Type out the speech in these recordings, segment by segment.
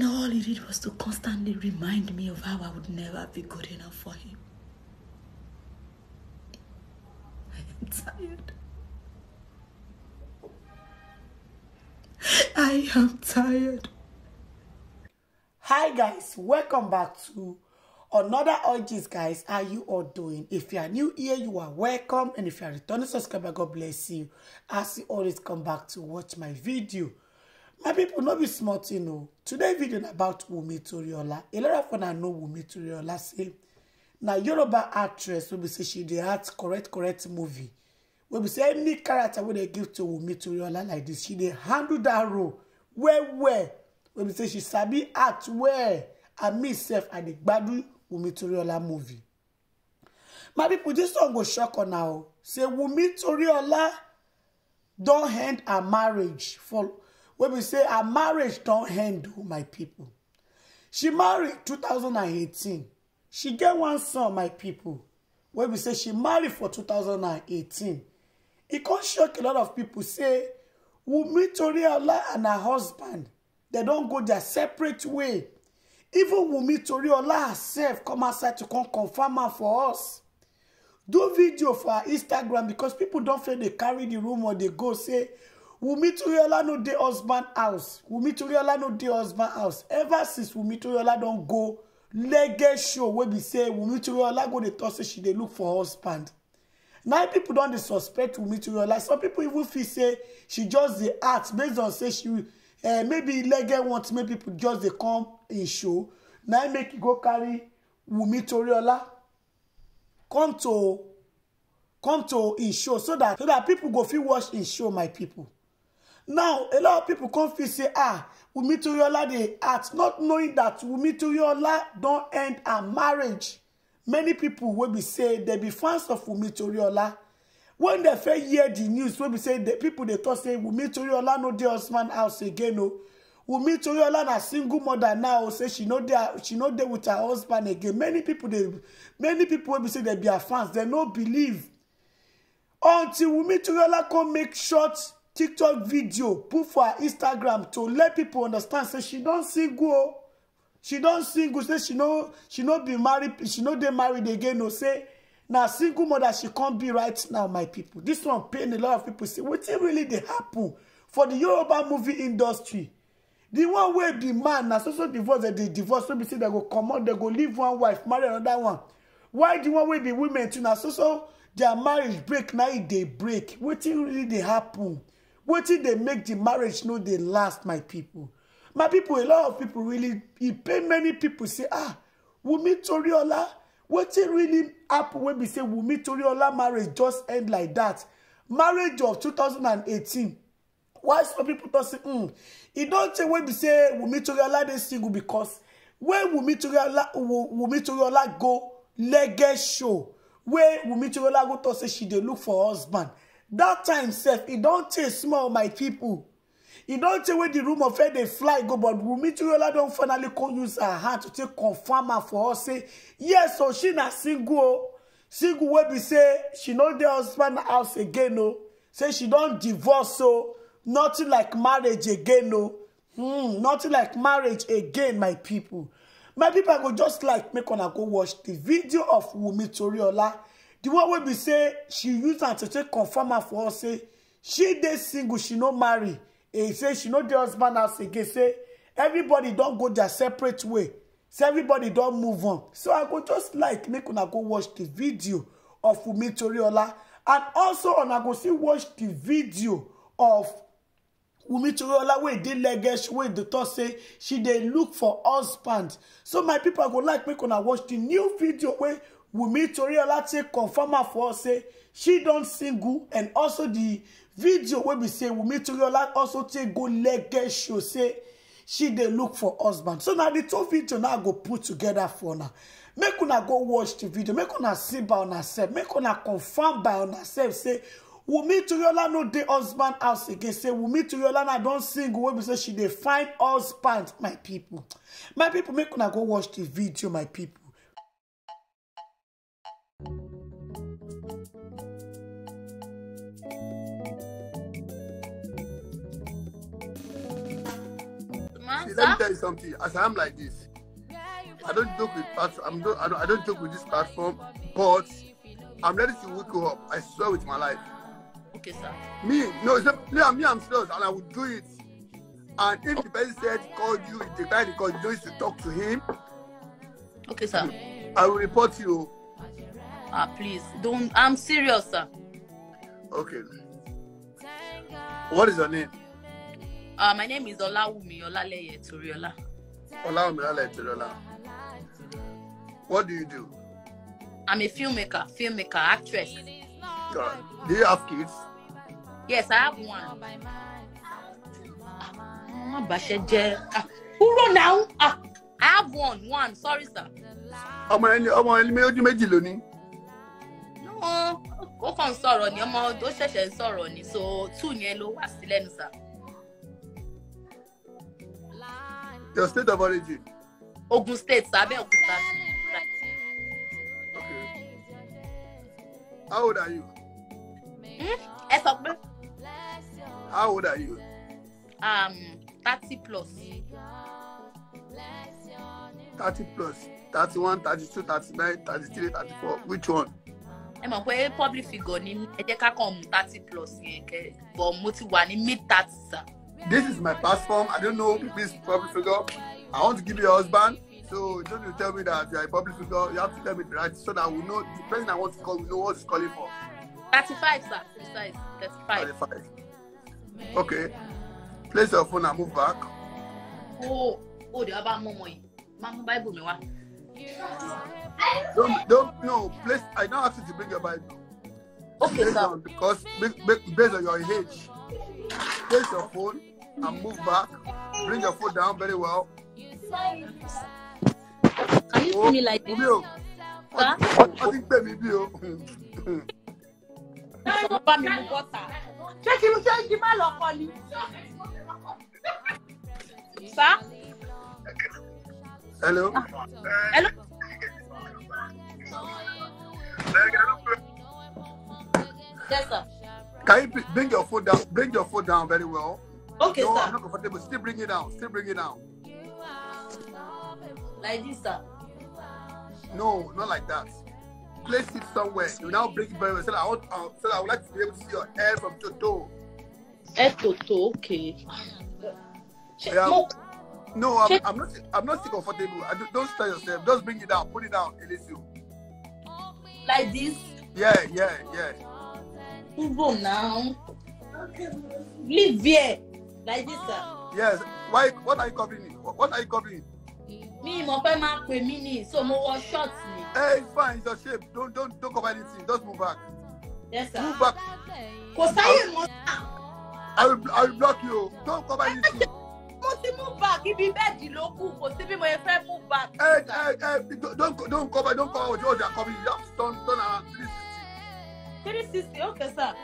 And all he did was to constantly remind me of how I would never be good enough for him. I'm tired. I am tired. Hi guys, welcome back to another orgies guys. How you all doing? If you are new here, you are welcome. And if you are returning subscriber, God bless you. As you always come back to watch my video. my people no be small tin o oh. today video na about wunmi toriola a lot of una know wunmi toriola say na yoruba actress wey be say she dey act correct correct movie wey be say any character wey dey give to wunmi toriola like this, she dey handle that role well well wey be say she sabi act well and me sef i dey gbadu wunmi toriola movie my people, this one go shock una o oh. say wunmi toriola don end her marriage for wey we say her marriage don't handle oh, my people, she marry 2018 she get one son my people. wey we say she married for 2018 it can shock a lot of people. say wunmi toriola and her husband they don't go their separate way even wunmi toriola herself come outside to come confirm her for us do video for her instagram because people don't feel they carry the rumor. They go say Wunmi Toriola no dey husband house. Wunmi Toriola no dey husband house. Ever since Wunmi Toriola don go lege show wey be say Wunmi Toriola go dey talk say she dey look for husband. Now people don dey suspect Wunmi Toriola. Some people even feel say she just dey act based on say she uh, maybe lege want make people just dey come in show. Now e make you e go carry Wunmi Toriola come to come to in show so that so that people go fit watch in show my people now a lot of people come feel say ah wunmi toriola dey act not knowing that wunmi toriola don end her marriage many people wey be say dem be fans of wunmi toriola When dem first hear di news wey be say people dey tok say wunmi toriola no dey husband house again o oh. wunmi toriola na single mother now oh, say she no dey with her husband again many people many people wey be say dem be her fans dem no believe until wunmi toriola come make short tiktok video put for her instagram to let people understand say she don single o she don single say she no she be married she no dey married again No say na single mother she can't be right now my people. This one pain a lot of people. say wetin really dey happen for the yoruba movie industry The one wey be man na so so divorce dem dey divorce no be say dem go comot dem go leave one wife marry another one Why the one wey be women too na so so their marriage break na e dey break wetin really dey happen wetin dey make the marriage no dey last my people, my people a lot of people really e pain many people say ah wunmi toriola wetin really happen when be say wunmi toriola marriage just end like that? marriage of 2018 why some people tok say hmm e don tey wey be say wunmi toriola dey single becos wen wunmi toriola Toriola go lege show wey wunmi toriola go tok say she dey look for husband That time self, it don't take small my people. It don't take wey di rumor fair they fly go but wunmi don't finally come use her hand to take confam am for her say yes o oh, she na single oh. single wey be say she no dey husband house again o oh. say she don't divorce o nothing like marriage again o hmm nothing like marriage again my people. my people i go just like make una go watch the video of wunmi toriola the one wey be say she use am to take confirm am for her say she dey single she no marry e say she no dey husband house again say everybody don go their separate way say everybody don move on so i go just like make una go watch the video of wunmi toriola and also una go still watch the video of wunmi toriola wey dey legesh wey dey talk say she dey look for husband so my people, I go like make una watch the new video wey Wumi Toriola confirm her for us say she don't single and also the video where we say Wumi Toriola also say go legged show say she dey look for husband so now the two video now go put together for now make una go watch the video make una see by ourselves make una confirm by ourselves say wumi turiola no dey husband house again say wumi turiola na don't single Where we say she dey find husband my people. my people, make una go watch the video my people. let me tell you something. As I'm like this, I don't joke with platform. Not, I, don't, I don't joke with this platform, but I'm ready to wake you up. I swear with my life. Okay, sir. Me, no, it's not, me, I'm serious, and I will do it. And if the person said called you, if the guy called you is to talk to him. Okay, sir. I will report you. Ah, please don't. I'm serious, sir. Okay. What is your name? Uh, my name is Olawumi Olaleye Toriola. Olawumi Olaleye Toriola. What do you do? I'm a filmmaker, filmmaker, actress. God. Do you have kids? Yes, I have one. Mama who run now? náà. Ah, I have one, one. Sorry, sir. Ọmọ ẹni ọmọ ẹni méjì méjì lónìí. No, ó kàn ń sọ̀rọ̀ ni ọmọ tó ṣẹ̀ṣẹ̀ ń sọ̀rọ̀ ni so two yẹn ló wà sílẹ̀ nù sá. Your state of origin? Ogun State, Abeokuta. Okay. How old are you? Hmm? Ẹ sọ pé. How old are you? Um, thirty plus. thirty plus thirty one thirty two thirty nine thirty three thirty four which one. ẹ mọ̀ pé public figure ni ẹ jẹ́ ká kàn mú thirty plus yẹn kẹ́ bọ̀ mo ti wà ní mid thirty sir this is my platform. I don't know this public figure. I want to give you a husband. So don't you tell me that you are a public figure. You have to tell me the right so that we know the person I want to call, we know what he's calling for. 35, sir. Precise. 35. 35. Okay. Place your phone and move back. Oh, oh, the other mummy. Mama Bible me wa. Don't don't no place I don't ask you to bring your Bible. Okay, based sir. On, because based on your age. Place your phone and move back. Bring your foot down very well. Can you see oh, me like this? Wọ́n ti I think mí bí o. Check him. mú bọ́tà. Ṣé kí ṣé ah. Hello. Hello. Yes, sir. Can you bring your foot down? Bring your foot down very well. Okay, no, sir. I'm not comfortable. Still bring it down. Still bring it down. Like this, sir. No, not like that. Place it somewhere. You now bring it very well. So I, want, uh, so I would like to be able to see your hair from to toe. Head to toe, okay. Yeah. No. I'm, I'm, not. I'm not still comfortable. I do, don't stir yourself. Just bring it down. Put it down. It is you. Like this. Yeah, yeah, yeah. kúrò now. Leave here like this sir. Yes, why what are you covering? What are you covering? Me, my friend, my mini, so my wọ short Hey, eh, it's fine, it's your shape. Don't don't don't cover anything. Just move back. Yes sir. Move back. Kò sáyè mọ́ sá. I will I will block you. Don't cover anything. Mo move back ibi bẹ́ẹ̀dì ló the local. sí bí mo yẹ move back. Hey, eh, eh, hey, hey, don't don't cover don't cover what you are covering. You have to turn turn around please three sixty ó kẹsà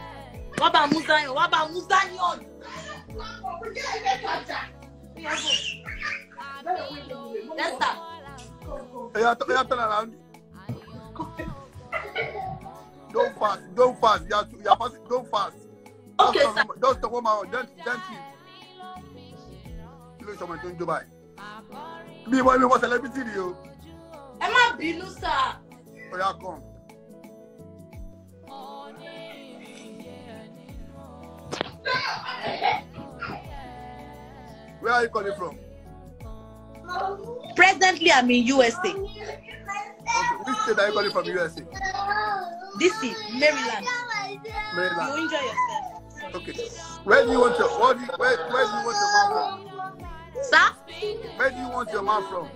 wọ́n bá mú zion wọ́n bá mú Don't fast, don't fast, you are, you are fasting, don't fast. Okay, just sir. Just talk about don't, don't you. Kí ló ń sọmọ tó ń me, báyìí? Bí celebrity rí o. Ẹ má Oh, sir. come. Where are you calling from? Presently, I'm in USA. Okay, which state are you calling from USA? This DC, Maryland. Maryland. You enjoy yourself. Okay. Where do you want your what do you, where, where do you want your man from? Sir? Where do you want your man from?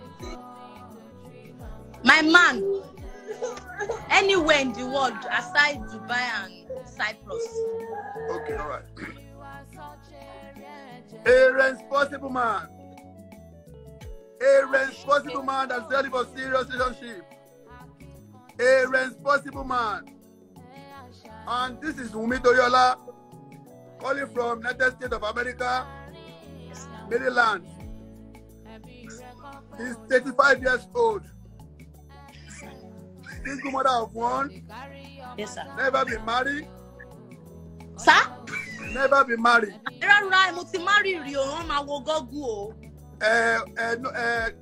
My man. Anywhere in the world aside Dubai and Cyprus. Okay, all right. A responsible man. A responsible man that's ready for serious relationship. A responsible man. And this is Wumi Toyola calling from United States of America, Maryland. He's 35 years old. Single mother of one. Yes, sir. Never been married never be married. irọ́ rúra mo ti marry rí o wọ́n máa wo gọ́gù o. ẹ ẹ ẹ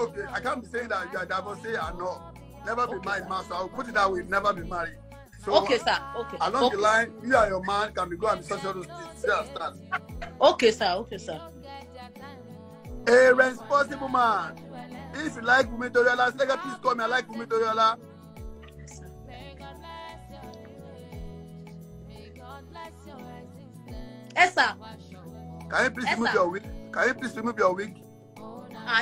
okay I can't be saying that you are divorcee and all never okay, be married man so I will put it that way never be married. So, okay sir okay. along okay. the line you and your man can be go and be social justice see as start. okay sir okay sir. a responsible man if you like Wunmi Toriola say please call me I like Wunmi Toriola. Esa, Can you please yes, remove your wig? Can you please remove your wig?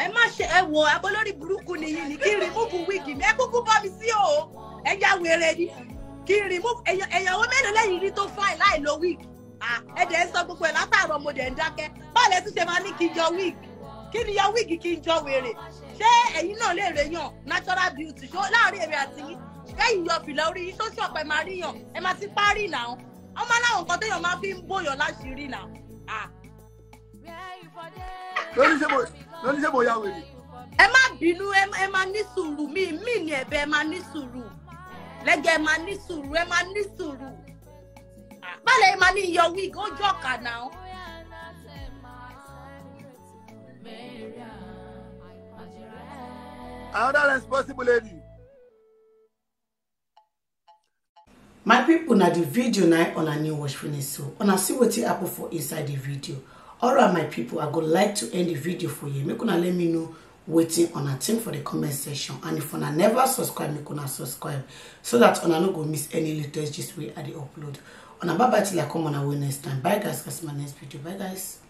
Ẹ má ṣe ẹ wọ abolórí burúkú nìyí ni kí n rìmúùbù wíìgì mi ẹ kúkú bá mi sí o ẹ já wèrè ni kí n rìmúùbù ẹ̀yàwó mélòó lẹ́yìn rí tó fáì láì lo wíìgì ẹ dẹ̀ ń sọ gbogbo ẹ̀ látàárọ̀ mo dẹ̀ ń dákẹ́ báwo lẹ tún ṣe máa ní kí n jọ wíìgì kí ni yọ wíìgì kí n jọ wèrè ṣé ẹ̀yin náà lè rè yàn natural beauty ṣó láàrin èrè àti yín ẹ̀yìn yọ fìlà orí yín tó ṣọ̀pẹ̀ máa ríyàn ẹ máa ti parí ìlànà ọmọ aláwọ̀ kan téèyàn máa fi ń bòyàn láṣìírí nà. lórí ṣé mo ya wèrè. ẹ má bínú ẹ má ní sùúrù mi mi ni ẹ̀bẹ̀ ẹ má ní sùúrù lẹ́gẹ̀ ẹ má ní sùúrù ẹ má ní sùúrù báyìí ẹ má ní iyọ̀ wíìgì ojú ọ̀kà náà. another responsible lady. my pipo na di video na una new watch finish so una see wetin happen for inside di video alright my pipo i go like to end di video for you make una let me know wetin una think for di comment section and if una never subscribe make una subscribe so dat una no go miss any latest gist wey i dey upload una bye bye till i come on our next time bye guys guys my next video bye guys